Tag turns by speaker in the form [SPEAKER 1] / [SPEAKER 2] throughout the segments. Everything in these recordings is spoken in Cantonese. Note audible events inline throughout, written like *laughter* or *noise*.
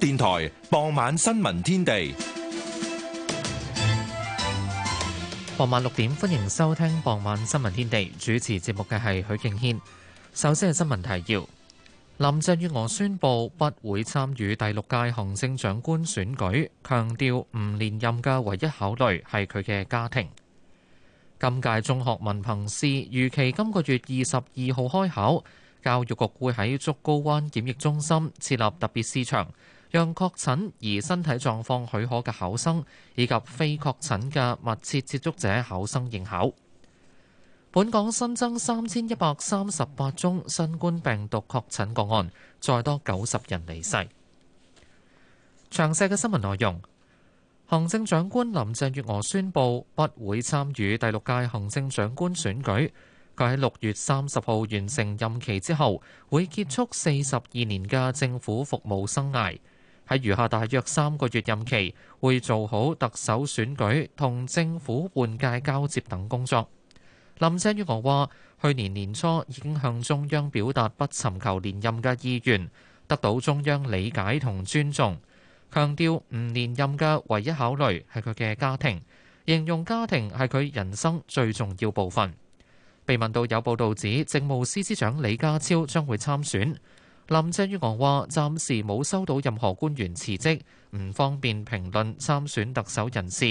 [SPEAKER 1] 電台傍晚新聞天地，傍晚六點歡迎收聽傍晚新聞天地。主持節目嘅係許敬軒。首先係新聞提要：林鄭月娥宣布不會參與第六屆行政長官選舉，強調唔連任嘅唯一考慮係佢嘅家庭。今屆中學文憑試預期今個月二十二號開考，教育局會喺竹篙灣檢疫中心設立特別試場。讓確診而身體狀況許可嘅考生，以及非確診嘅密切接觸者考生應考。本港新增三千一百三十八宗新冠病毒確診個案，再多九十人離世。詳細嘅新聞內容，行政長官林鄭月娥宣布不會參與第六屆行政長官選舉。佢喺六月三十號完成任期之後，會結束四十二年嘅政府服務生涯。喺餘下大約三個月任期，會做好特首選舉同政府換屆交接等工作。林鄭月娥話：去年年初已經向中央表達不尋求連任嘅意願，得到中央理解同尊重。強調唔連任嘅唯一考慮係佢嘅家庭，形容家庭係佢人生最重要部分。被問到有報道指，政務司司長李家超將會參選。林鄭月娥話：暫時冇收到任何官員辭職，唔方便評論參選特首人士。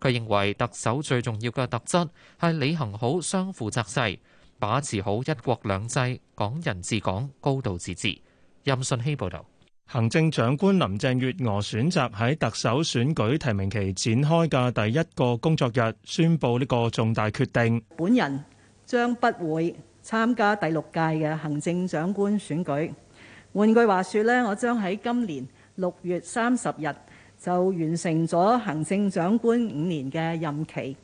[SPEAKER 1] 佢認為特首最重要嘅特質係履行好雙負責制，把持好一國兩制、港人治港、高度自治。任信希報導。行政長官林鄭月娥選擇喺特
[SPEAKER 2] 首選舉提名期展開嘅第一個工作日，宣布呢個重大決定。
[SPEAKER 3] 本人將不會。參加第六屆嘅行政長官選舉。換句話說咧，我將喺今年六月三十日就完成咗行政長官五年嘅任期，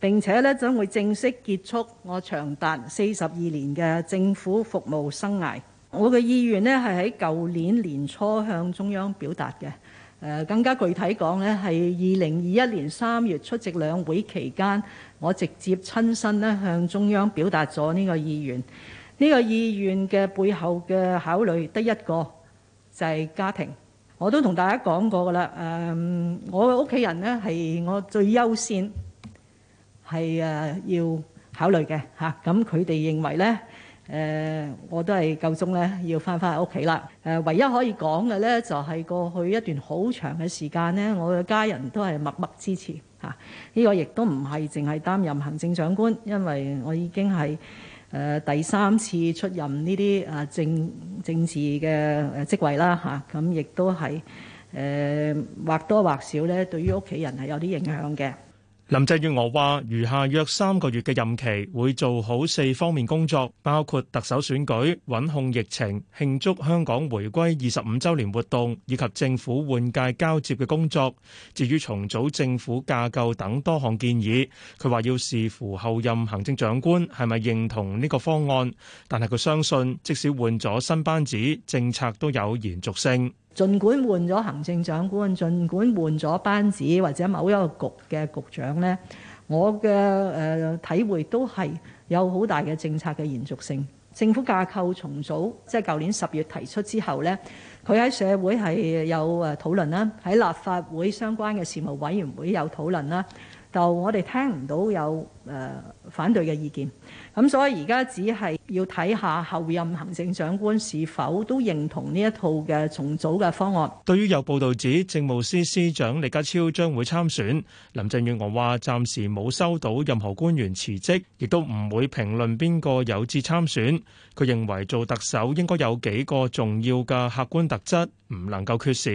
[SPEAKER 3] 並且咧將會正式結束我長達四十二年嘅政府服務生涯。我嘅意願呢係喺舊年年初向中央表達嘅。誒，更加具體講呢，係二零二一年三月出席兩會期間，我直接親身咧向中央表達咗呢個意願。呢、這個意願嘅背後嘅考慮得一個就係、是、家庭。我都同大家講過噶啦，誒、呃、我嘅屋企人呢係我最優先係誒要考慮嘅嚇。咁佢哋認為呢。誒、呃，我都係夠鐘咧，要翻返去屋企啦。誒、呃，唯一可以講嘅咧，就係、是、過去一段好長嘅時間咧，我嘅家人都係默默支持嚇。呢、啊這個亦都唔係淨係擔任行政長官，因為我已經係誒、呃、第三次出任呢啲誒政政治嘅職位啦嚇。咁、啊、亦、啊、都係誒、呃、或多或少咧，對於屋企人係有啲影響嘅。
[SPEAKER 2] 林鄭月娥話，餘下約三個月嘅任期，會做好四方面工作，包括特首選舉、穩控疫情、慶祝香港回歸二十五周年活動以及政府換屆交接嘅工作。至於重組政府架構等多項建議，佢話要視乎候任行政長官係咪認同呢個方案，但係，佢相信，即使換咗新班子，政策都有延續性。
[SPEAKER 3] 儘管換咗行政長官，儘管換咗班子或者某一個局嘅局長呢，我嘅誒體會都係有好大嘅政策嘅延續性。政府架構重組，即係舊年十月提出之後呢，佢喺社會係有誒討論啦，喺立法會相關嘅事務委員會有討論啦，就我哋聽唔到有誒反對嘅意見。咁所以而家只係要睇下候任行政長官是否都認同呢一套嘅重組嘅方案。
[SPEAKER 2] 對於有報道指政務司司長李家超將會參選，林鄭月娥話暫時冇收到任何官員辭職，亦都唔會評論邊個有志參選，佢認為做特首應該有幾個重要嘅客觀特質唔能夠缺少。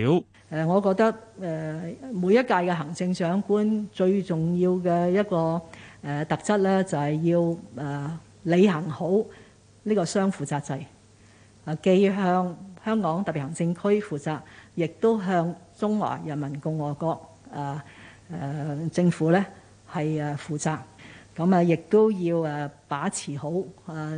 [SPEAKER 3] 誒，我覺得誒每一屆嘅行政長官最重要嘅一個。誒特質咧就係、是、要誒履、啊、行好呢個雙負責制，誒、啊、既向香港特別行政區負責，亦都向中華人民共和國誒誒、啊啊、政府咧係誒負責。咁啊，亦都要誒把持好誒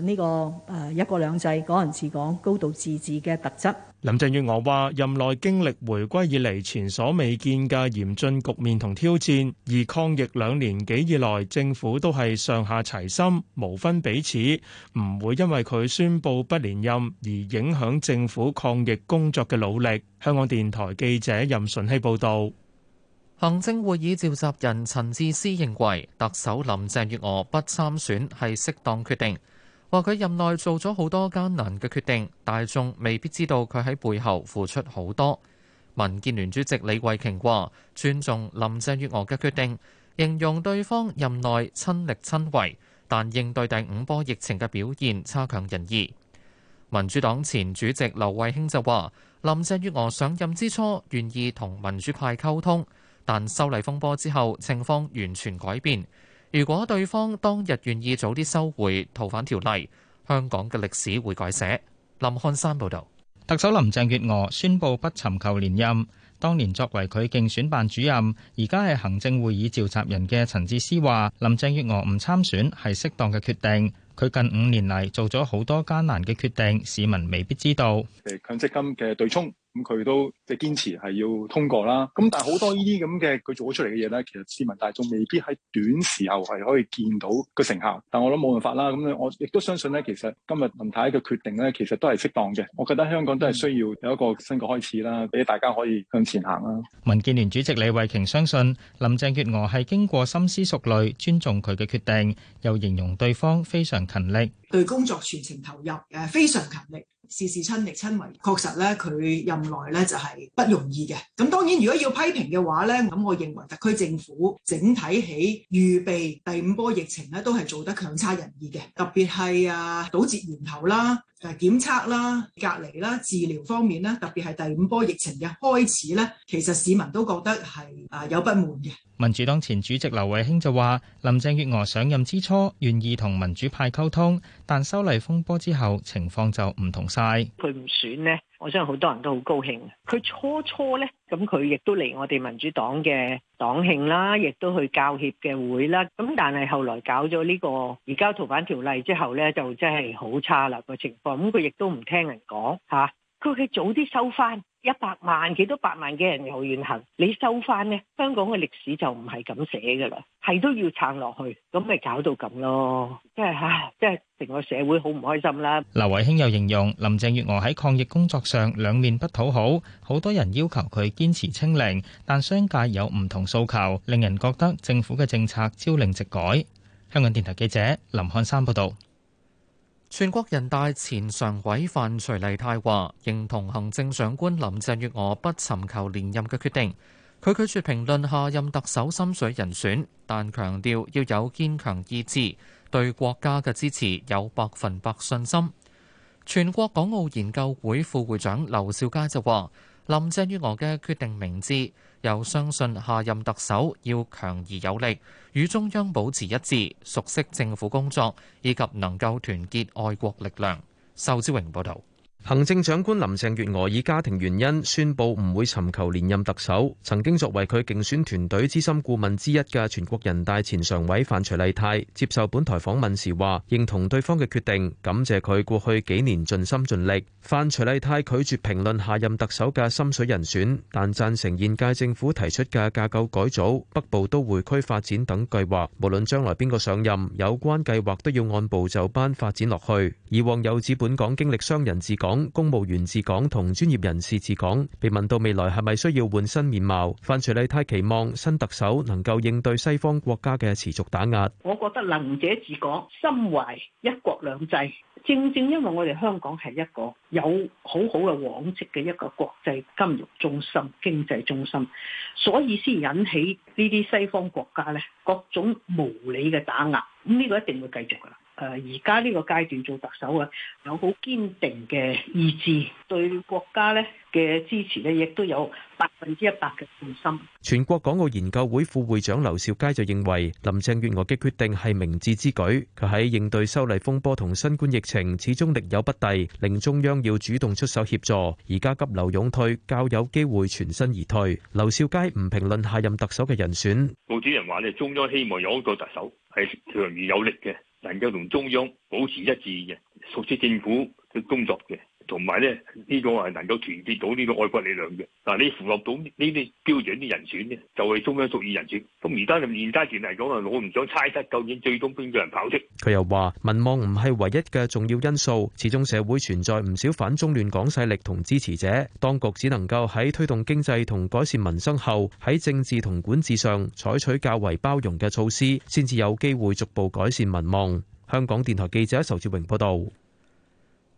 [SPEAKER 3] 呢個誒一國兩制、港人治港、高度自治嘅特質，
[SPEAKER 2] 林鄭月娥話任內經歷回歸以嚟，前所未見嘅嚴峻局面同挑戰，而抗疫兩年幾以來政府都係上下齊心，無分彼此，唔會因為佢宣布不連任而影響政府抗疫工作嘅努力。香港電台記者任純熙報道。
[SPEAKER 1] 行政會議召集人陳智思認為，特首林鄭月娥不參選係適當決定，話佢任內做咗好多艱難嘅決定，大眾未必知道佢喺背後付出好多。民建聯主席李慧瓊話：尊重林鄭月娥嘅決定，形容對方任內親力親為，但應對第五波疫情嘅表現差強人意。民主黨前主席劉慧卿就話：林鄭月娥上任之初願意同民主派溝通。但修例風波之後情況完全改變，如果對方當日願意早啲收回逃犯條例，香港嘅歷史會改寫，林漢山
[SPEAKER 4] 報道。特首林鄭月娥宣布不尋求連任。當年作為佢競選辦主任，而家係行政會議召集人嘅陳志思陳智思話林鄭月娥唔參選係適當嘅決定。佢近五年嚟做咗好多艱難嘅決定，市民未必知
[SPEAKER 5] 道。
[SPEAKER 2] 誒強積金嘅對沖。咁佢、嗯、都即係堅持係要通過啦。咁但係好多呢啲咁嘅佢做咗出嚟嘅嘢咧，其實市民大眾未必喺短時候係可以見到個成效。但我諗冇辦法啦。咁、嗯、我亦都相信咧，其實今日林太嘅決定咧，其實都係適當嘅。我覺得香港都係需要有一個新嘅開始啦，俾大家可以向前行啦、啊。
[SPEAKER 4] 民建聯主席李慧瓊相信林鄭月娥係經過深思熟慮，尊重佢嘅決定，又形容對方非常勤力，
[SPEAKER 6] 對工作全程投入，誒，非常勤力。事事親力親為，確實咧，佢任內咧就係、是、不容易嘅。咁當然，如果要批評嘅話咧，咁我認為特區政府整體喺預備第五波疫情咧都係做得強差人意嘅，特別係啊堵截源頭啦。誒檢測啦、隔離啦、治療方面啦，特別係第五波疫情嘅開始咧，其實市民都覺得係啊有不滿
[SPEAKER 4] 嘅。民主黨前主席劉慧卿就話：林鄭月娥上任之初願意同民主派溝通，但修例風波之後，情況就唔同晒。佢唔
[SPEAKER 7] 選呢？我相信好多人都好高興。佢初初呢，咁佢亦都嚟我哋民主黨嘅黨慶啦，亦都去教協嘅會啦。咁但係後來搞咗呢個移交逃犯條例之後呢，就真係好差啦個情況。咁佢亦都唔聽人講，吓、啊，佢佢早啲收翻。一百萬幾多百萬嘅人又怨恨，你收翻呢，香港嘅歷史就唔係咁寫噶啦，係都要撐落去，咁咪搞到咁咯，即係吓，即係成個社會好唔開心啦。
[SPEAKER 4] 劉慧卿又形容林鄭月娥喺抗疫工作上兩面不討好，好多人要求佢堅持清零，但商界有唔同訴求，令人覺得政府嘅政策朝令夕改。香港電台記者林漢山報道。全國人大前常委范徐麗泰
[SPEAKER 1] 話認同行政長官林鄭月娥不尋求連任嘅決定，佢拒絕評論下任特首心水人選，但強調要有堅強意志，對國家嘅支持有百分百信心。全國港澳研究會副會長劉兆佳就話，林鄭月娥嘅決定明智。又相信下任特首要強而有力，與中央保持一致，熟悉政府工作，以及能夠團結愛國力量。仇志榮報道。行
[SPEAKER 8] 政長官林鄭月娥以家庭原因宣布唔會尋求連任特首。曾經作為佢競選團隊資深顧問之一嘅全國人大前常委范徐麗泰接受本台訪問時話，認同對方嘅決定，感謝佢過去幾年盡心盡力。范徐麗泰拒絕評論下任特首嘅心水人選，但贊成現屆政府提出嘅架構改組、北部都會區發展等計劃。無論將來邊個上任，有關計劃都要按部就班發展落去。以往有指本港經歷商人治港。講公務員治港同專業人士治港，被問到未來係咪需要換新面貌？范徐麗泰期望新特首能夠應對西方國家嘅持續打壓。
[SPEAKER 7] 我覺得能者治港，心懷一國兩制，正正因為我哋香港係一個有好好嘅往績嘅一個國際金融中心、經濟中心，所以先引起呢啲西方國家呢各種無理嘅打壓。咁呢個一定會繼續噶啦。誒而家呢個階段做特首啊，有好堅定嘅意志，對國家咧嘅支持咧，亦都有百分之一百嘅信心。
[SPEAKER 8] 全國港澳研究會副會長劉兆佳就認為，林鄭月娥嘅決定係明智之舉。佢喺應對修例風波同新冠疫情，始終力有不逮，令中央要主動出手協助。而家急流勇退，較有機會全身而退。劉兆佳唔評論下任特首嘅人選。
[SPEAKER 9] 毛主席話咧，中央希望有一個特首係強而有力嘅。能夠同中央保持一致嘅，熟悉政府嘅工作嘅。同埋咧，呢個係能夠團結到呢個愛國力量嘅。嗱，你符合到呢啲標準啲人選咧，就係中央屬意人選。咁而家咁現階段嚟講啊，我唔想猜測究竟最終邊個人跑出。
[SPEAKER 8] 佢又話：民望唔係唯一嘅重要因素，始終社會存在唔少反中亂港勢力同支持者，當局只能夠喺推動經濟同改善民生後，喺政治同管治上採取較為包容嘅措施，先至有機會逐步改善民
[SPEAKER 1] 望。香港電台記者仇志榮報導。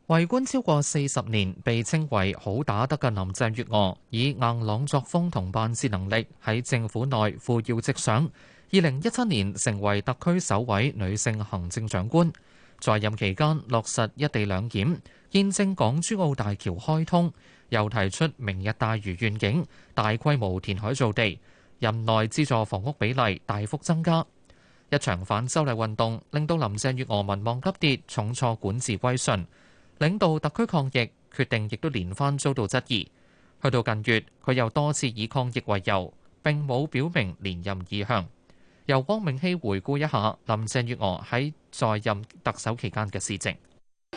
[SPEAKER 1] 為官超過四十年，被稱為好打得嘅林鄭月娥，以硬朗作風同辦事能力喺政府內扶搖直上。二零一七年成為特區首位女性行政長官，在任期間落實一地兩檢，見證港珠澳大橋開通，又提出明日大嶼願景，大規模填海造地。任內資助房屋比例大幅增加。一場反修例運動令到林鄭月娥民望急跌，重挫管治威信。領導特區抗疫決定，亦都連番遭到質疑。去到近月，佢又多次以抗疫為由，並冇表明連任意向。由汪明希回顧一下林鄭月娥喺在，在任特首期間嘅事情，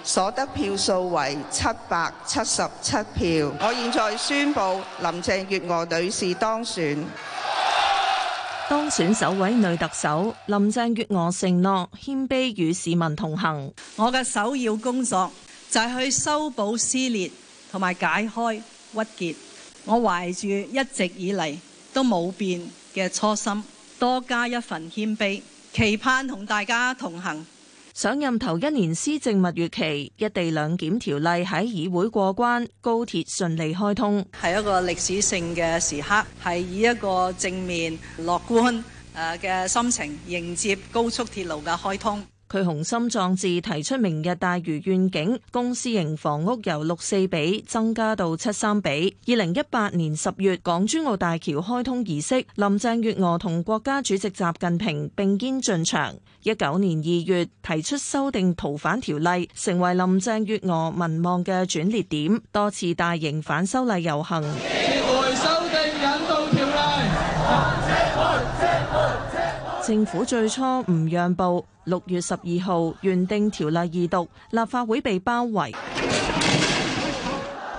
[SPEAKER 10] 所得票數為七百七十七票。我現在宣布林鄭月娥女士當選，當選首位女特首。林鄭月娥承諾謙卑與市民同行，我嘅首要工作。就係去修補撕裂
[SPEAKER 3] 同埋解開鬱結，我懷住一直以嚟都冇變嘅初心，多加一份謙卑，期盼同大家同行。
[SPEAKER 10] 上任頭一年施政蜜月期，一地兩檢條例喺議會過關，高鐵順利開通，係一個歷史性嘅時刻，係以一個正面樂觀誒嘅心情迎接高速鐵路嘅開通。佢雄心壯志提出明日大嶼願景，公私營房屋由六四比增加到七三比。二零一八年十月，港珠澳大橋開通儀式，林鄭月娥同國家主席習近平並肩進場。一九年二月，提出修訂逃犯條例，成為林鄭月娥民望嘅轉捩點，多次大型反修例遊行。政府最初唔讓步，六月十二號原定條例二讀，立法會被包圍。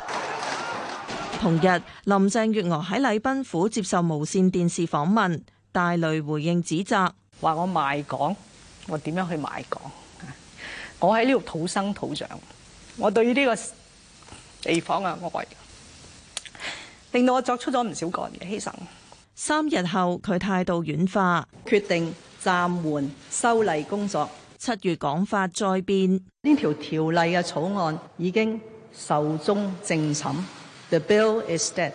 [SPEAKER 10] *laughs* 同日，林鄭月娥喺禮賓府接受無線電視訪問，帶淚回應指責，話我賣港，我點樣去賣
[SPEAKER 3] 港？我喺呢度土生土長，我對於呢個地方嘅愛，令到我作出咗唔少個人犧牲。三
[SPEAKER 10] 日後佢態度軟化，決定暫緩修例工作。七月講法再變，呢條條例嘅草案已經壽終正寢。The bill is dead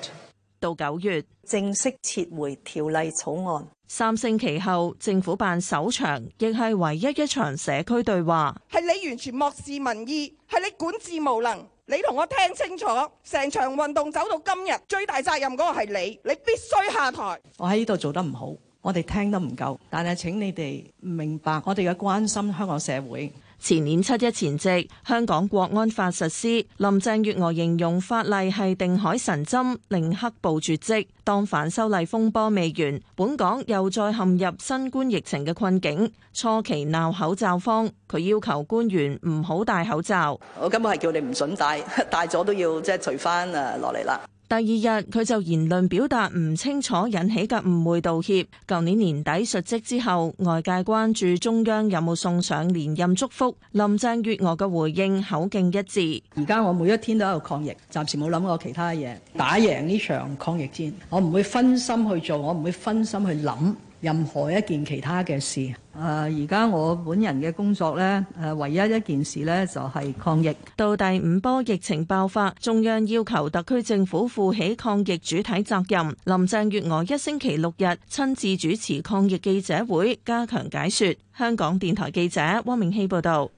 [SPEAKER 10] 到。到九月正式撤回條例草案。三星期後政府辦首場，亦係唯一一場社區對話。
[SPEAKER 6] 係你完全漠視民意，係你管治無能。你同我聽清楚，成場運動走到今日，最大責任嗰個係你，你必須下台。我
[SPEAKER 10] 喺呢度做得唔好，我哋聽得唔夠，但係請你哋明白，我哋嘅關心香港社會。前年七一前夕，香港國安法實施，林鄭月娥形容法例係定海神針，令黑暴絕跡。當反修例風波未完，本港又再陷入新冠疫情嘅困境，初期鬧口罩荒，佢要求官員唔好戴口罩。我根本係叫你唔準戴，戴咗都要即係除返啊落嚟啦。第二日佢就言論表達唔清楚引起嘅誤會道歉。舊年年底述職之後，外界關注中央有冇送上連任祝福，林鄭月娥嘅回應口徑一致。而家我每一天都喺度抗
[SPEAKER 3] 疫，暫時冇諗過其他嘢。打贏呢場抗疫戰，我唔會分心去做，我唔會分心去諗，任何一件其他嘅事，誒而家我本人嘅工
[SPEAKER 10] 作咧，誒唯一一件事咧就係抗疫。到第五波疫情爆發，中央要求特區政府負起抗疫主體責任。林鄭月娥一星期六日親自主持抗疫記者會，加強解說。香港電台記者汪明熙報道。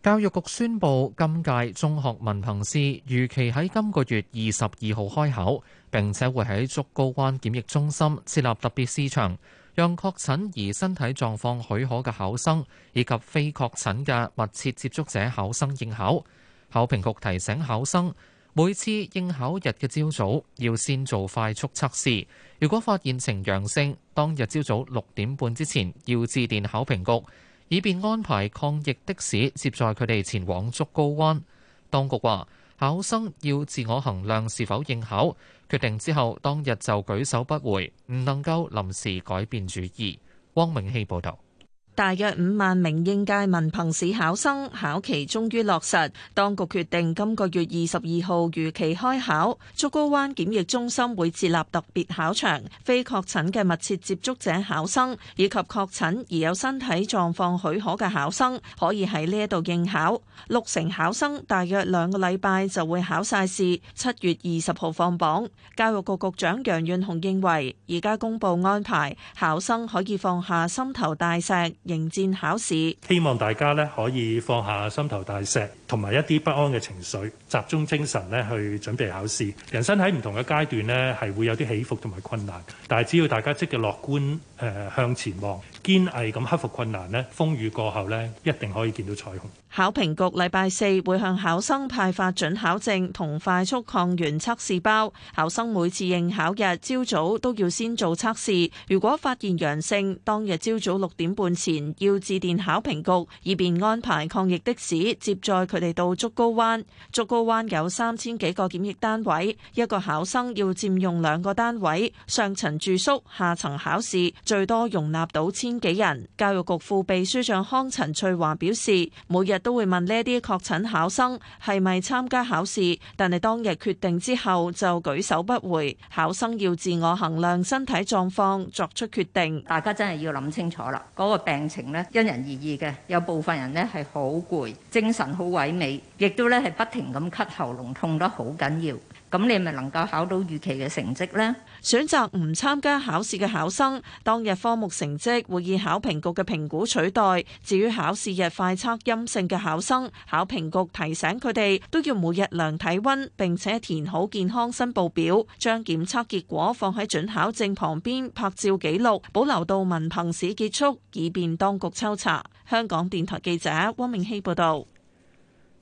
[SPEAKER 1] 教育局宣布，今屆中學文憑試預期喺今個月二十二號開考。並且會喺竹篙灣檢疫中心設立特別試場，讓確診而身體狀況許可嘅考生以及非確診嘅密切接觸者考生應考。考評局提醒考生，每次應考日嘅朝早要先做快速測試，如果發現呈陽性，當日朝早六點半之前要致電考評局，以便安排抗疫的士接載佢哋前往竹篙灣。當局話，考生要自我衡量是否應考。決定之後，當日就舉手不回，唔能夠臨時改變主意。汪明希報導。
[SPEAKER 10] 大約五萬名應屆文憑試考生考期終於落實，當局決定今個月二十二號如期開考。竹篙灣檢疫中心會設立特別考場，非確診嘅密切接觸者考生以及確診而有身體狀況許可嘅考生，可以喺呢一度應考。六成考生大約兩個禮拜就會考晒試，七月二十號放榜。教育局局長楊潤雄認為，而家公布安排，考生可以放下心頭大石。迎戰考試，
[SPEAKER 2] 希望大家咧可以放下心頭大石，同埋一啲不安嘅情緒，集中精神咧去準備考試。人生喺唔同嘅階段咧，係會有啲起伏同埋困難，但係只要大家積極樂觀，誒、呃、向前望。堅毅咁克服困難呢，風雨過後呢，一定可以見到彩虹。
[SPEAKER 10] 考評局禮拜四會向考生派發準考證同快速抗原測試包。考生每次應考日朝早都要先做測試，如果發現陽性，當日朝早六點半前要致電考評局，以便安排抗疫的士接載佢哋到竹篙灣。竹篙灣有三千幾個檢疫單位，一個考生要佔用兩個單位，上層住宿，下層考試，最多容納到千千幾人，教育局副秘書長康陳翠華表示，每日都會問呢啲確診考生係咪參加考試，但係當日決定之後就舉手不回。考生要自我衡量身體狀況，作出決定。大家真係要諗清楚啦。嗰個病情呢，因人而異嘅，
[SPEAKER 11] 有部分人呢係好攰，精神好萎靡，亦都呢係不停咁咳喉喉，喉嚨痛得好緊要。咁你咪能夠考到預期嘅成績呢？選擇唔參加
[SPEAKER 10] 考試嘅考生，當日科目成績會以考評局嘅評估取代。至於考試日快測陰性嘅考生，考評局提醒佢哋都要每日量體温，並且填好健康申報表，將檢測結果放喺準考證旁邊拍照記錄，保留到文憑試結束，以便當局抽查。香港電台記者汪明熙報道。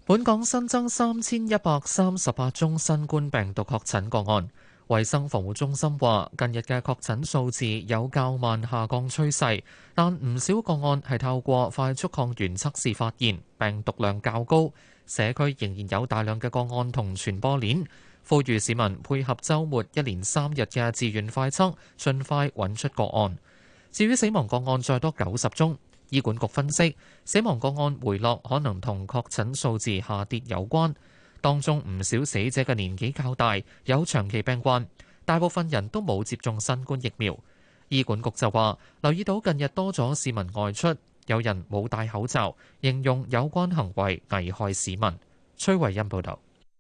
[SPEAKER 1] 本港新增三千一百三十八宗新冠病毒確診個案，衛生防護中心話，近日嘅確診數字有較慢下降趨勢，但唔少個案係透過快速抗原測試發現病毒量較高，社區仍然有大量嘅個案同傳播鏈，呼籲市民配合周末一連三日嘅自願快測，盡快揾出個案。至於死亡個案，再多九十宗。醫管局分析，死亡個案回落可能同確診數字下跌有關。當中唔少死者嘅年紀較大，有長期病患，大部分人都冇接種新冠疫苗。醫管局就話，留意到近日多咗市民外出，有人冇戴口罩，形容有關行為危害市民。崔惠恩報道。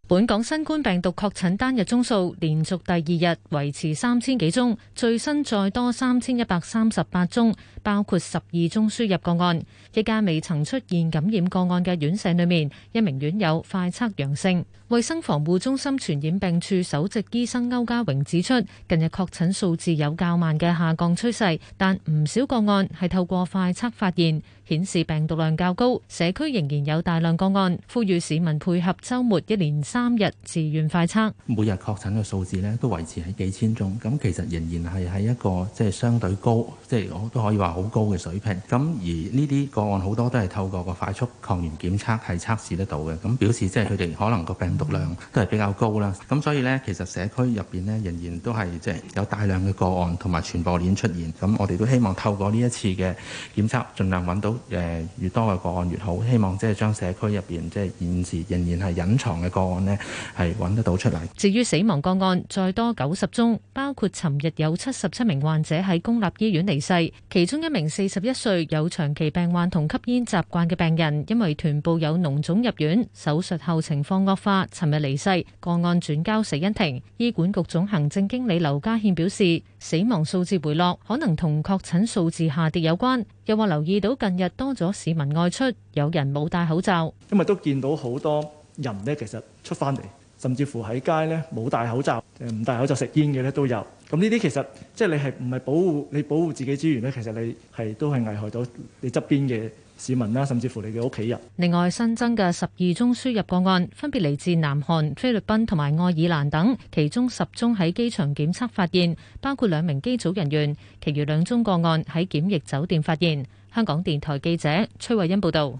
[SPEAKER 11] 本港新冠病毒確診單日宗數連續第二日維持三千幾宗，最新再多三千一百三十八宗，包括十二宗輸入個案。一家未曾出現感染個案嘅院舍裏面，一名院友快測陽性。衛生防護中心傳染病處首席醫生歐家榮指出，近日確診數字有較慢嘅下降趨勢，但唔少個案係透過快測發現，顯示病毒量較高，社區仍然有大量個案，呼籲市民配合周末一連三日自願快測。
[SPEAKER 1] 每日確診嘅數字呢都維持喺幾千宗，咁其實仍然係喺一個即係、就是、相對高，即、就、係、是、我都可以話好高嘅水平。咁而呢啲個案好多都係透過個快速抗原檢測係測試得到嘅，咁表示即係佢哋可能個病毒量都係比較高啦，咁所以呢，其實社區入邊呢仍然都係即係有大量嘅個案同埋傳播鏈出現。咁我哋都希望透過呢一次嘅檢測，盡量揾到誒越
[SPEAKER 2] 多嘅個案越好，希望即係將社區入邊即係現時仍然係隱藏嘅個案呢，
[SPEAKER 1] 係揾得到出嚟。
[SPEAKER 11] 至於死亡個案，再多九十宗，包括尋日有七十七名患者喺公立醫院離世，其中一名四十一歲有長期病患同吸煙習慣嘅病人，因為臀部有膿腫入院，手術後情況惡化。尋日離世個案轉交死因庭，醫管局總行政經理劉家憲表示，死亡數字回落可能同確診數字下跌有關，又話留意到近日多咗市民外出，有人冇戴口罩，
[SPEAKER 2] 因為都見到好多人呢，其實出翻嚟甚至乎喺街呢冇戴口罩，唔戴口罩食煙嘅咧都有，咁呢啲其實即係你係唔係保護你保護自己資源呢？其實你係都係危害到你側邊嘅市民啦，
[SPEAKER 11] 甚至乎你嘅屋企人。另外新增嘅十二宗輸入個案，分別嚟自南韓、菲律賓同埋愛爾蘭等，其中十宗喺機場檢測發現，包括兩名機組人員，其餘兩宗個案喺檢疫酒店發現。香港電台記者崔慧欣報道。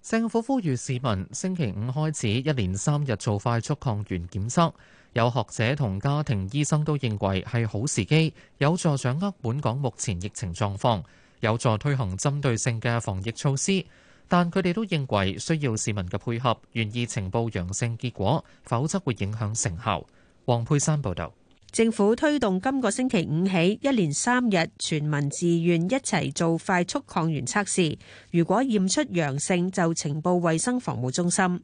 [SPEAKER 1] 政府呼籲市民星期五開始一連三日做快速抗原檢測，有學者同家庭醫生都認為係好時機，有助掌握本港目前疫情狀況，有助推行針對性嘅防疫措施，但佢哋都認為需要市民嘅配合，願意呈報陽性結果，否則會影響成效。黃佩珊報道，
[SPEAKER 12] 政府推動今個星期五起一連三日全民自願一齊做快速抗原測試，如果驗出陽性就呈報衛生防護中心。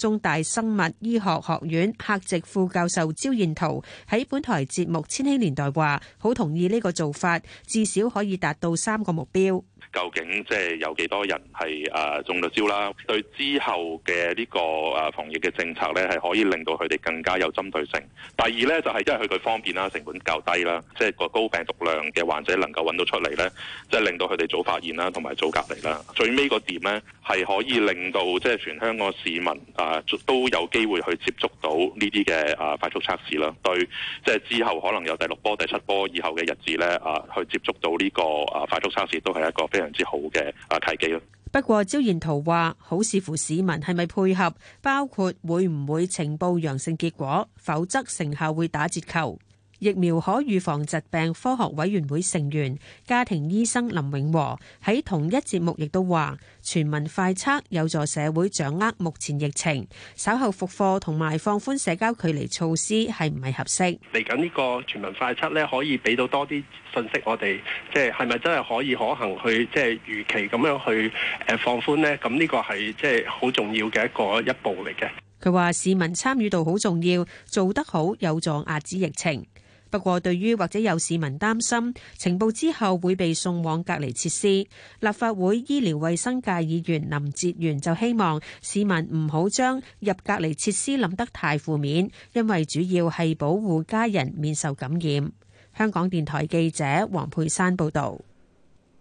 [SPEAKER 12] 中大生物醫學學院客席副教授招彥燾喺本台節目《千禧年代》話，好同意呢個做法，至少可以達到三個目標。
[SPEAKER 9] 究竟即係有幾多人係啊中咗招啦？對之後嘅呢個啊防疫嘅政策咧，係可以令到佢哋更加有針對性。第二咧，就係因為佢佢方便啦，成本較低啦，即係個高病毒量嘅患者能夠揾到出嚟咧，即係令到佢哋早發現啦，同埋早隔離啦。最尾個點咧，係可以令到即係全香港市民啊都有機會去接觸到呢啲嘅啊快速測試啦。對，即係之後可能有第六波、第七波以後嘅日子咧啊，去接觸到呢個啊快速測試都係一個非常之好嘅啊契機咯。
[SPEAKER 12] 不過招彥燾話，好視乎市民係咪配合，包括會唔會呈報陽性結果，否則成效會打折扣。疫苗可預防疾病科學委員會成員、家庭醫生林永和喺同一節目亦都話，全民快測有助社會掌握目前疫情，稍後復課同埋放寬社交距離措施係唔係合適？
[SPEAKER 9] 嚟緊呢個全民快測呢，可以俾到多啲信息我，我哋即係係咪真係可以可行去即係預期咁樣去誒放寬呢？咁呢個係即係好重要嘅一個一步嚟嘅。
[SPEAKER 12] 佢話：市民參與度好重要，做得好有助壓止疫情。不過，對於或者有市民擔心，呈報之後會被送往隔離設施，立法會醫療衞生界議員林哲元就希望市民唔好將入隔離設施諗得太負面，因為主要係保護家人免受感染。香港電台記者黃佩珊報導。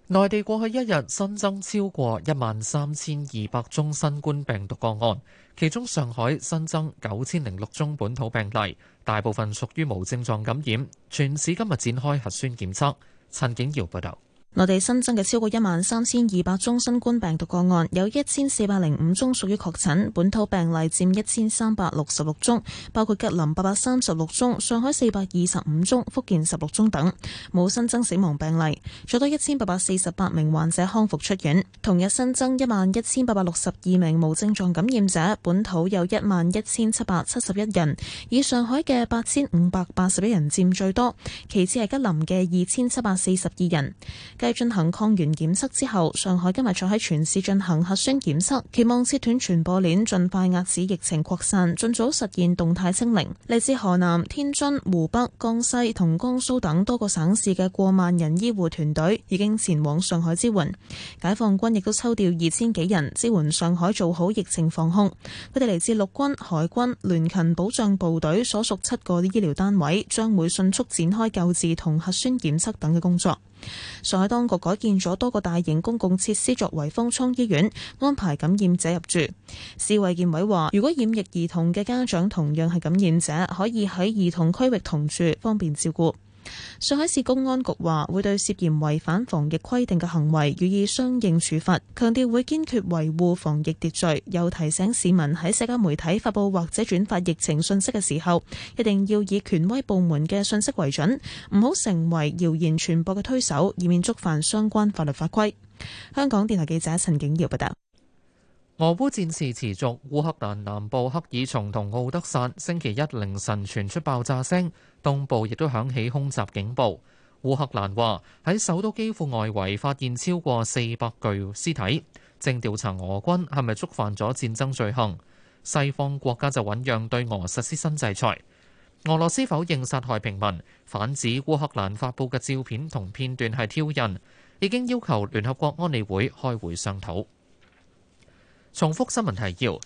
[SPEAKER 1] 內地過去一日新增超過一萬三千二百宗新冠病毒個案。其中上海新增九千零六宗本土病例，大部分屬於無症狀感染。全市今日展開核酸檢測，陳景耀報道。
[SPEAKER 13] 內地新增嘅超過一萬三千二百宗新冠病毒個案，有一千四百零五宗屬於確診，本土病例佔一千三百六十六宗，包括吉林八百三十六宗、上海四百二十五宗、福建十六宗等，冇新增死亡病例，再多一千八百四十八名患者康復出院。同日新增一萬一千八百六十二名無症狀感染者，本土有一萬一千七百七十一人，以上海嘅八千五百八十一人佔最多，其次係吉林嘅二千七百四十二人。繼進行抗原檢測之後，上海今日再喺全市進行核酸檢測，期望切斷傳播鏈，盡快遏止疫情擴散，盡早實現動態清零。嚟自河南、天津、湖北、江西同江蘇等多個省市嘅過萬人醫護團隊已經前往上海支援，解放軍亦都抽調二千幾人支援上海，做好疫情防控。佢哋嚟自陸軍、海軍、聯勤保障部隊所屬七個醫療單位，將會迅速展開救治同核酸檢測等嘅工作。上海當局改建咗多個大型公共設施作為方艙醫院，安排感染者入住。市衛健委話，如果染疫兒童嘅家長同樣係感染者，可以喺兒童區域同住，方便照顧。上海市公安局話會對涉嫌違反防疫規定嘅行為予以相應處罰，強調會堅決維護防疫秩序。又提醒市民喺社交媒體發佈或者轉發疫情信息嘅時候，一定要以權威部門嘅信息為準，唔好成為謠言傳播嘅推手，以免觸犯相關法律法規。香港電台記者陳景堯報道。
[SPEAKER 1] 俄烏戰事持續，烏克蘭南部克爾松同奧德薩星期一凌晨傳出爆炸聲，東部亦都響起空襲警報。烏克蘭話喺首都基輔外圍發現超過四百具屍體，正調查俄軍係咪觸犯咗戰爭罪行。西方國家就醞釀對俄實施新制裁。俄羅斯否認殺害平民，反指烏克蘭發佈嘅照片同片段係挑釁，已經要求聯合國安理會開會商討。重複新聞提要：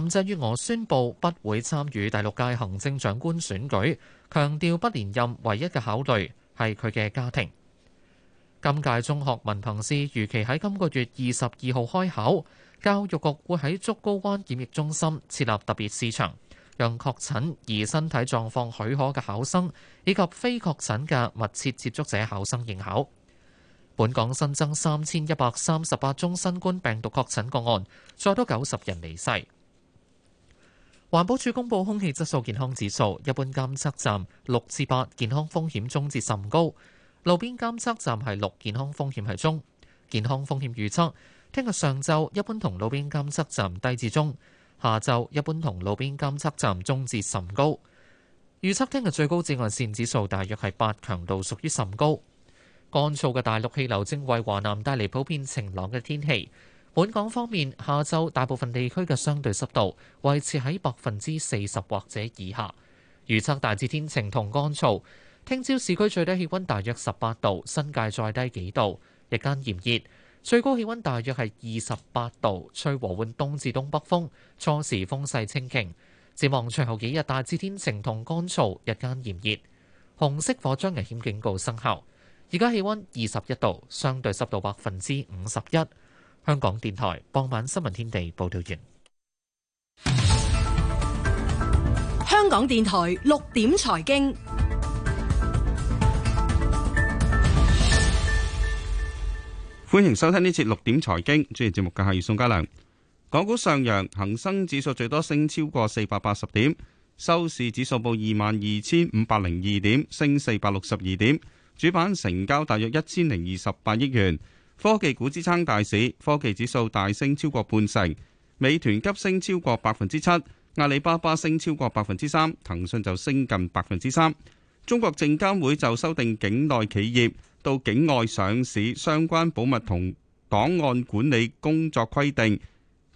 [SPEAKER 1] 林鄭月娥宣布不會參與第六屆行政長官選舉，強調不連任唯一嘅考慮係佢嘅家庭。今屆中學文憑試如期喺今個月二十二號開考，教育局會喺竹篙灣檢疫中心設立特別試場，讓確診而身體狀況許可嘅考生以及非確診嘅密切接觸者考生應考。本港新增三千一百三十八宗新冠病毒確診個案，再多九十人離世。環保署公布空氣質素健康指數，一般監測站六至八，健康風險中至甚高；路邊監測站係六，健康風險係中。健康風險預測：聽日上晝一般同路邊監測站低至中，下晝一般同路邊監測站中至甚高。預測聽日最高紫外線指數大約係八，強度屬於甚高。乾燥嘅大陸氣流正為華南帶嚟普遍晴朗嘅天氣。本港方面，下晝大部分地區嘅相對濕度維持喺百分之四十或者以下，預測大致天晴同乾燥。聽朝市區最低氣温大約十八度，新界再低幾度，日間炎熱，最高氣温大約係二十八度，吹和緩東至東北風，初時風勢清勁。展望隨後幾日，大致天晴同乾燥，日間炎熱。紅色火災危險警告生效。而家氣溫二十一度，相對濕度百分之五十一。香港電台傍晚新聞天地報道完。
[SPEAKER 3] 香港電台六點財經，
[SPEAKER 5] 歡迎收聽呢次六點財經。主持節目嘅係宋嘉良。港股上揚，恒生指數最多升超過四百八十點，收市指數報二萬二千五百零二點，升四百六十二點。主板成交大約一千零二十八億元，科技股支撐大市，科技指數大升超過半成。美團急升超過百分之七，阿里巴巴升超過百分之三，騰訊就升近百分之三。中國證監會就修訂境內企業到境外上市相關保密同檔案管理工作規定，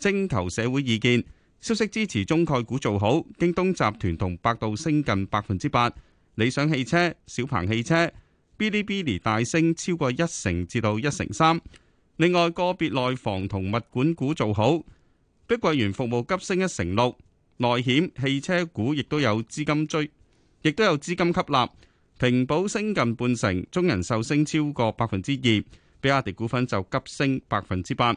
[SPEAKER 5] 徵求社會意見。消息支持中概股做好，京東集團同百度升近百分之八，理想汽車、小鵬汽車。嗶哩嗶哩大升超過一成至到一成三，另外個別內房同物管股做好，碧桂園服務急升一成六，內險汽車股亦都有資金追，亦都有資金吸納，平保升近半成，中人壽升超過百分之二，比亞迪股份就急升百分之八，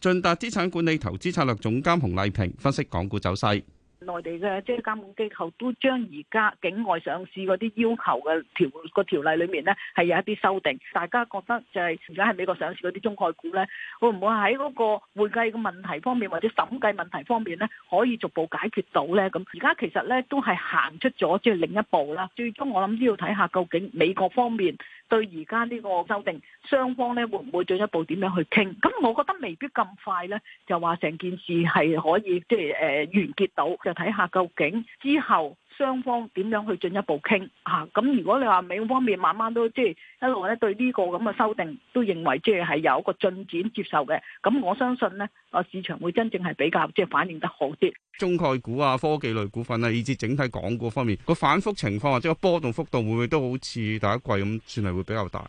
[SPEAKER 5] 進達資產管理投資策略總監洪麗萍分析港股走勢。
[SPEAKER 6] 內地嘅即係監管機構都將而家境外上市嗰啲要求嘅條個條例裏面呢係有一啲修訂，大家覺得就係而家喺美國上市嗰啲中概股呢，會唔會喺嗰個會計嘅問題方面或者審計問題方面呢可以逐步解決到呢？咁而家其實呢都係行出咗即係另一步啦。最終我諗都要睇下究竟美國方面對而家呢個修訂，雙方呢會唔會進一步點樣去傾？咁我覺得未必咁快呢，就話成件事係可以即係誒完結到。就睇下究竟之後雙方點樣去進一步傾吓，咁、啊、如果你話美方面慢慢都即係一路咧對呢個咁嘅修訂都認為即係有一個進展接受嘅，咁我相信咧，個市場會真正係比較即係、就是、反映得好啲。
[SPEAKER 5] 中概股啊，科技類股份啊，以至整體港股方面個反復情況或者個波動幅度，會唔會都好似第一季咁，算係會比較大？
[SPEAKER 6] 誒、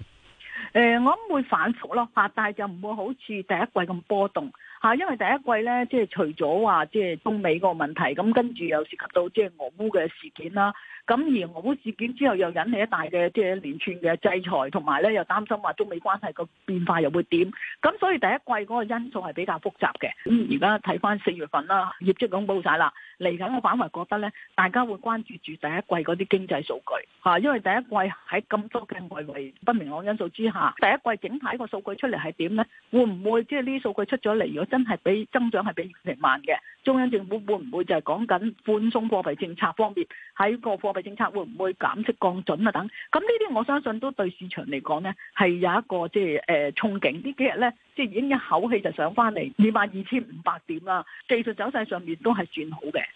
[SPEAKER 6] 呃，我諗會反復咯吓，但係就唔會好似第一季咁波動。嚇，因為第一季咧，即係除咗話即係中美個問題，咁跟住又涉及到即係俄烏嘅事件啦。咁而俄烏事件之後又引起一大嘅即係一連串嘅制裁，同埋咧又擔心話中美關係個變化又會點。咁所以第一季嗰個因素係比較複雜嘅。咁而家睇翻四月份啦，業績公布晒啦。嚟緊，我反為覺得咧，大家會關注住第一季嗰啲經濟數據嚇，因為第一季喺咁多嘅外圍不明朗因素之下，第一季整體個數據出嚟係點咧？會唔會即係呢啲數據出咗嚟？如果真係比增長係比疫情慢嘅，中央政府會唔會，會就係講緊寬鬆貨幣政策方面，喺個貨幣政策會唔會減息降準啊？等咁呢啲，我相信都對市場嚟講呢，係有一個即係誒憧憬。呢幾日呢，即、就、係、是、已經一口氣就上翻嚟二萬二千五百點啦。技術走勢上面都係算好嘅。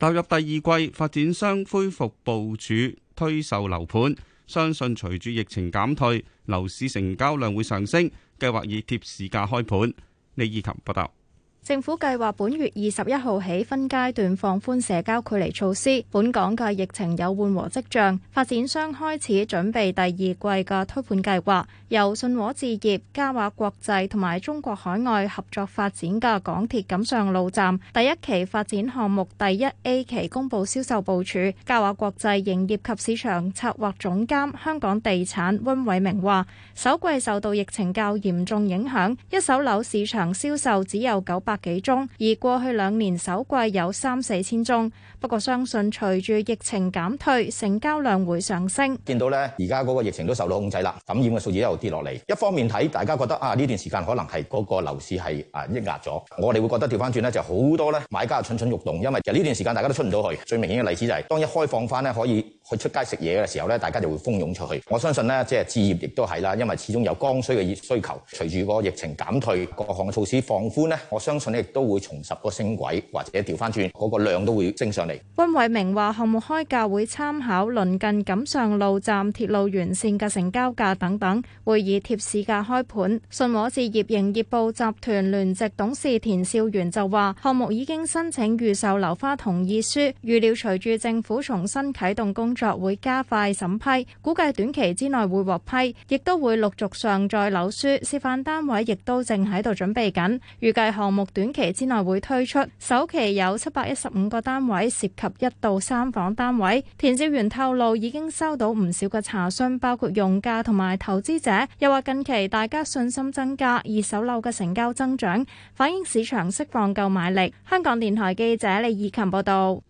[SPEAKER 5] 踏入第二季，發展商恢復部署推售樓盤，相信隨住疫情減退，樓市成交量會上升，計劃以貼市價開盤，李以琴報道。
[SPEAKER 14] 政府計劃本月二十一號起分階段放寬社交距離措施。本港嘅疫情有緩和跡象，發展商開始準備第二季嘅推盤計劃。由信和置業、嘉華國際同埋中國海外合作發展嘅港鐵錦上路站第一期發展項目第一 A 期公佈銷售部署。嘉華國際營業及市場策劃總監香港地產温偉明話：首季受到疫情較嚴重影響，一手樓市場銷售只有九百百幾宗，而過去兩年首季有三四千宗。不過相信隨住疫情減退，成交量會上升。
[SPEAKER 4] 見到咧，而家嗰個疫情都受到控制啦，感染嘅數字一路跌落嚟。一方面睇，大家覺得啊，呢段時間可能係嗰個樓市係啊抑壓咗。我哋會覺得調翻轉咧，就好多咧買家蠢蠢欲動，因為其實呢段時間大家都出唔到去。最明顯嘅例子就係當一開放翻咧，可以去出街食嘢嘅時候咧，大家就會蜂擁出去。我相信咧，即係置業亦都係啦，因為始終有剛需嘅需求。隨住嗰個疫情減退，各項嘅措施放寬咧，我相信咧亦都會重拾嗰個升軌，或者調翻轉嗰個量都會正常。
[SPEAKER 14] 溫偉明話：項目開價會參考鄰近錦上路站鐵路沿線嘅成交價等等，會以貼市價開盤。信和置業營業部集團聯席董事田兆元就話：項目已經申請預售樓花同意書，預料隨住政府重新啟動工作，會加快審批，估計短期之內會獲批，亦都會陸續上載樓書。示範單位亦都正喺度準備緊，預計項目短期之內會推出，首期有七百一十五個單位。涉及一到三房單位，田少元透露已經收到唔少嘅查詢，包括用家同埋投資者。又話近期大家信心增加，二手樓嘅成交增長反映市場釋放購買力。香港電台記者李爾琴報導。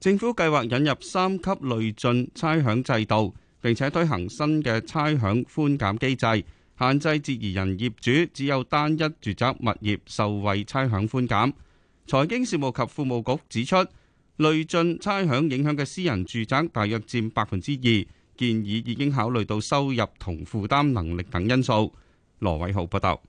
[SPEAKER 5] 政府計劃引入三級累進差餉制度，並且推行新嘅差餉寬減機制，限制自然人業主只有單一住宅物業受惠差餉寬減。財經事務及庫務局指出，累進差餉影響嘅私人住宅，大約佔百分之二。建議已經考慮到收入同負擔能力等因素。羅偉浩報道，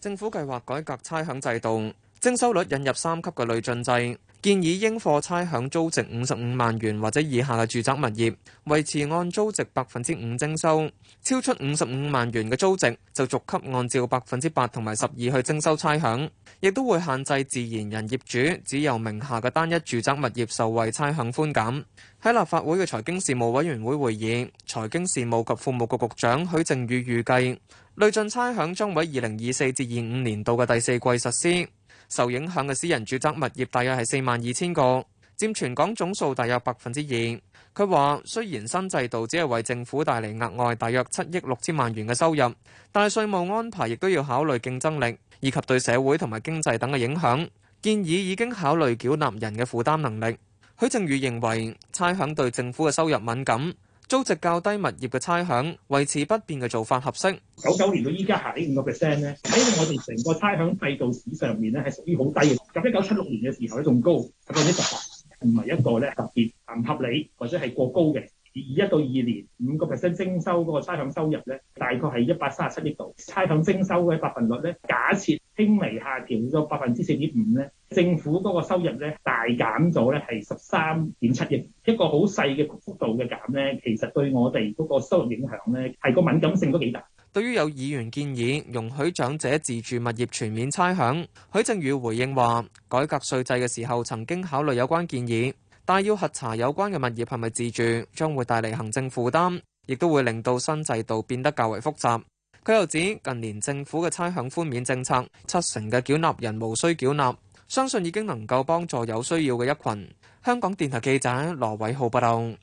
[SPEAKER 15] 政府計劃改革差餉制度，徵收率引入三級嘅累進制。建議應課差餉租值五十五萬元或者以下嘅住宅物業，維持按租值百分之五徵收；超出五十五萬元嘅租值，就逐級按照百分之八同埋十二去徵收差餉，亦都會限制自然人業主只有名下嘅單一住宅物業受惠差餉寬減。喺立法會嘅財經事務委員會會議，財經事務及庫務局局長許正宇預計累進差餉將喺二零二四至二五年度嘅第四季實施。受影響嘅私人住宅物業大約係四萬二千個，佔全港總數大約百分之二。佢話：雖然新制度只係為政府帶嚟額外大約七億六千萬元嘅收入，但係稅務安排亦都要考慮競爭力以及對社會同埋經濟等嘅影響。建議已經考慮繳納人嘅負擔能力。許正宇認為，差餉對政府嘅收入敏感。租值較低物業嘅差響維持不變嘅做法合適。
[SPEAKER 2] 九九年到依家下呢五
[SPEAKER 15] 個 percent
[SPEAKER 2] 咧喺我哋成個差響制度史上面咧係屬於好低嘅。咁一九七六年嘅時候咧仲高, 8, 高呢，大概呢十八唔係一個咧特別唔合理或者係過高嘅。二一到二年五個 percent 徵收嗰個差響收入咧大概係一百三十七億度差響徵收嘅百分率咧，假設輕微下調咗百分之四點五咧。政府嗰個收入咧大減咗咧，係十三點七億，一個好細嘅幅度嘅減咧，其實對我哋嗰個收入影響咧係個敏感性都幾
[SPEAKER 15] 大。對於有議員建議容許長者自住物業全面差餉，許正宇回應話：改革稅制嘅時候曾經考慮有關建議，但要核查有關嘅物業係咪自住，將會帶嚟行政負擔，亦都會令到新制度變得較為複雜。佢又指近年政府嘅差餉寬免政策，七成嘅繳納人無需繳納。相信已經能夠幫助有需要嘅一群。香
[SPEAKER 5] 港電台記者羅偉浩報道。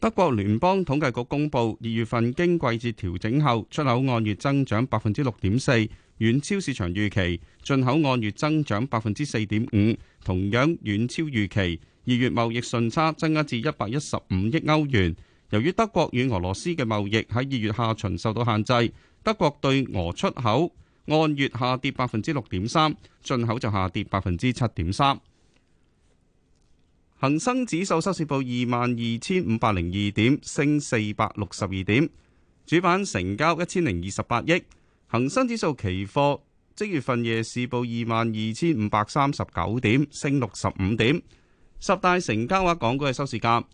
[SPEAKER 5] 德國聯邦統計局公布二月份經季節調整後出口按月增長百分之六點四，遠超市場預期；進口按月增長百分之四點五，同樣遠超預期。二月貿易順差增加至一百一十五億歐元。由於德國與俄羅斯嘅貿易喺二月下旬受到限制，德國對俄出口按月下跌百分之六點三，進口就下跌百分之七點三。恒生指數收市報二萬二千五百零二點，升四百六十二點。主板成交一千零二十八億。恒生指數期貨即月份夜市報二萬二千五百三十九點，升六十五點。十大成交額港股嘅收市價，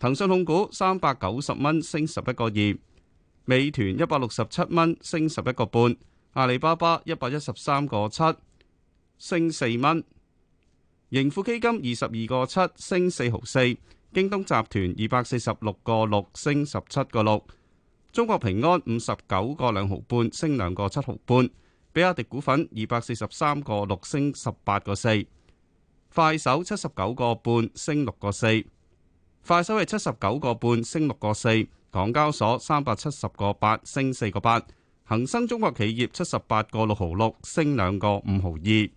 [SPEAKER 5] 騰訊控股三百九十蚊，升十一個二；美團一百六十七蚊，升十一個半。阿里巴巴一百一十三個七升四蚊，盈富基金二十二個七升四毫四，京東集團二百四十六個六升十七個六，中國平安五十九個兩毫半升兩個七毫半，比亞迪股份二百四十三個六升十八個四，快手七十九個半升六個四，快手係七十九個半升六個四，港交所三百七十個八升四個八。恒生中國企業七十八個六毫六升兩個五毫二。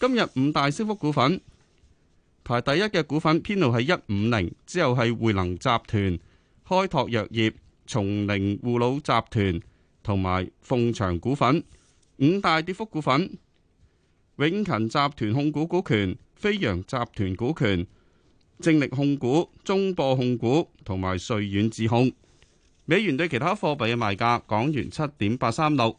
[SPEAKER 5] 今日五大升幅股份排第一嘅股份，編號係一五零，之後係匯能集團、開拓藥業、松寧護老集團同埋鳳翔股份。五大跌幅股份：永勤集團控股股權、飛揚集團股權、正力控股、中博控股同埋瑞遠智控。美元對其他貨幣嘅賣價，港元七點八三六，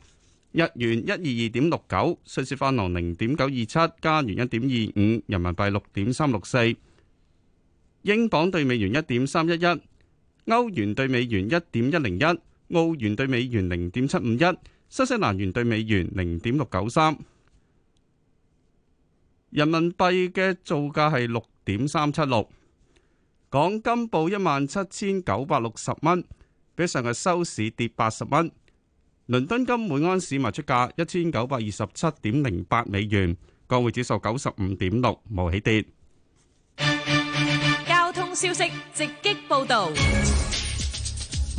[SPEAKER 5] 日元一二二點六九，瑞士法郎零點九二七，加元一點二五，人民幣六點三六四，英鎊對美元一點三一一，歐元對美元一點一零一，澳元對美元零點七五一，新西蘭元對美元零點六九三。人民幣嘅造價係六點三七六，港金報一萬七千九百六十蚊。比上日收市跌八十蚊。倫敦金每安士賣出價一千九百二十七點零八美元，港匯指數九十五點六，無起跌。
[SPEAKER 11] 交通消息直擊報道。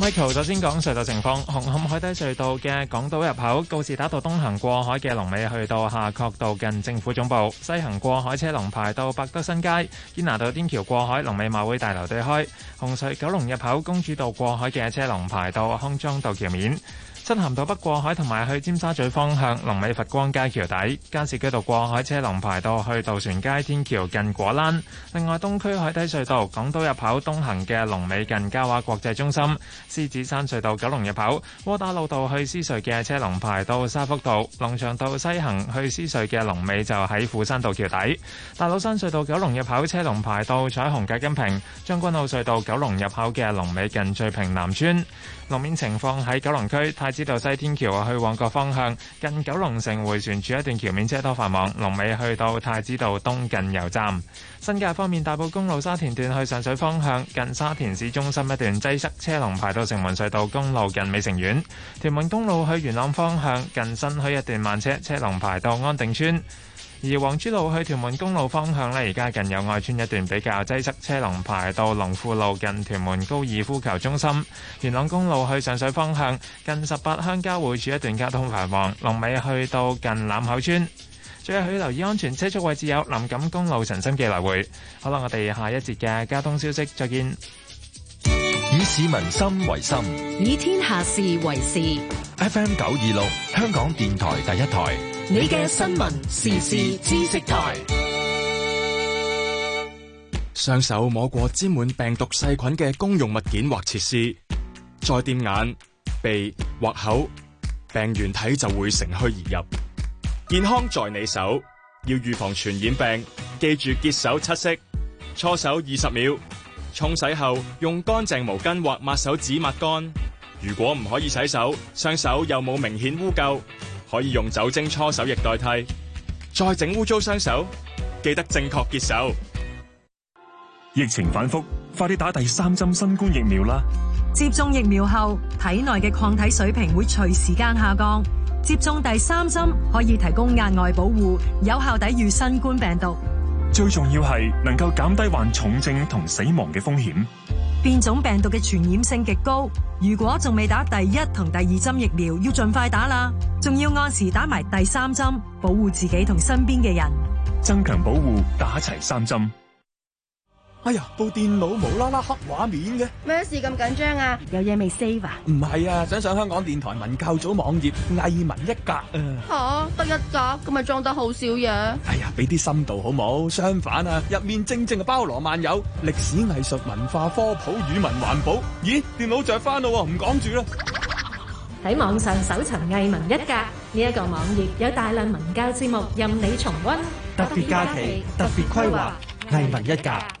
[SPEAKER 9] Michael 首先講隧道情況。紅磡海底隧道嘅港島入口告士打道東行過海嘅龍尾去到夏愨道近政府總部，西行過海車龍排到百德新街，堅拿道天橋過海龍尾馬會大樓對開紅隧九龍入口公主道過海嘅車龍排到康莊道橋面。漆咸道北過海同埋去尖沙咀方向，龍尾佛光街橋底；加士居道過海車龍排到去渡船街天橋近果欄。另外，東區海底隧道港島入口東行嘅龍尾近嘉華國際中心；獅子山隧道九龍入口窩打老道去獅隧嘅車龍排到沙福道；龍翔道西行去獅隧嘅龍尾就喺富山道橋底；大老山隧道九龍入口車龍排到彩虹隔音屏；將軍澳隧道九龍入口嘅龍尾近翠屏南村。路面情況喺九龍區太子。知道西天橋去旺角方向，近九龍城回旋處一段橋面車多繁忙，龍尾去到太子道東近油站。新界方面，大埔公路沙田段去上水方向，近沙田市中心一段擠塞，車龍排到城門隧道公路近美城苑。屯門公路去元朗方向，近新墟一段慢車，車龍排到安定村。而黃珠路去屯門公路方向呢，而家近友愛村一段比較擠塞，車龍排到龍富路近屯門高爾夫球中心。元朗公路去上水方向，近十八鄉交匯處一段交通繁忙，龍尾去到近欖口村。最後，要留意安全車速位置有林錦公路神心嘅來回。好啦，我哋下一節嘅交通消息，再見。以市民心為心，以天下事為事。FM 九二六，香港
[SPEAKER 2] 電台第一台。
[SPEAKER 1] 你嘅新聞、時事、知識台。
[SPEAKER 2] 雙手摸過沾滿病毒細菌嘅公用物件或設施，再掂眼、鼻或口，病原體就會乘虛而入。健康在你手，要預防傳染病，記住潔手七式，搓手二十秒。沖洗後用乾淨毛巾或抹手紙抹乾。如果唔可以洗手，雙手又冇明顯污垢，可以用酒精搓手液代替。再整污糟雙手，記得正確潔手。疫情反覆，
[SPEAKER 9] 快啲打第三針新冠疫苗啦！
[SPEAKER 3] 接種疫苗後，體內嘅抗體水平會隨時間下降。接種第三針可以提供額外保護，有效抵禦新冠病毒。
[SPEAKER 9] 最重要係能夠減低患重症同死亡嘅風險。
[SPEAKER 3] 變種病毒嘅傳染性極高，如果仲未打第一同第二針疫苗，要盡快打啦。仲要按時打埋第三針，保護自己同身邊嘅人，
[SPEAKER 9] 增強保護，打齊
[SPEAKER 8] 三針。
[SPEAKER 3] 哎呀，部電腦無啦啦黑畫面嘅，咩事咁緊
[SPEAKER 10] 張啊？有嘢未 save 啊？
[SPEAKER 8] 唔係啊，想上香港電台文教組網頁藝文一格啊！
[SPEAKER 10] 吓，得一格咁咪裝得好少嘢？哎
[SPEAKER 8] 呀，俾啲深度好冇？相反啊，入面正正係包羅萬有，歷史、藝術、文化、科普、語文、環保。咦，
[SPEAKER 5] 電腦著翻咯，唔講住啦。
[SPEAKER 11] 喺網上搜尋藝文一格呢一個網頁，有大量文教節目任你重溫。
[SPEAKER 5] 特別假期，特別規
[SPEAKER 11] 劃，
[SPEAKER 9] 藝文一格。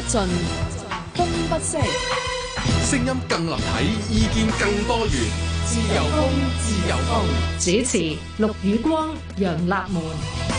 [SPEAKER 13] 不盡，風不息，
[SPEAKER 7] 聲音更立體，意見更多元，自由
[SPEAKER 5] 風，自
[SPEAKER 7] 由風。
[SPEAKER 3] 主持：陸宇光、楊立門。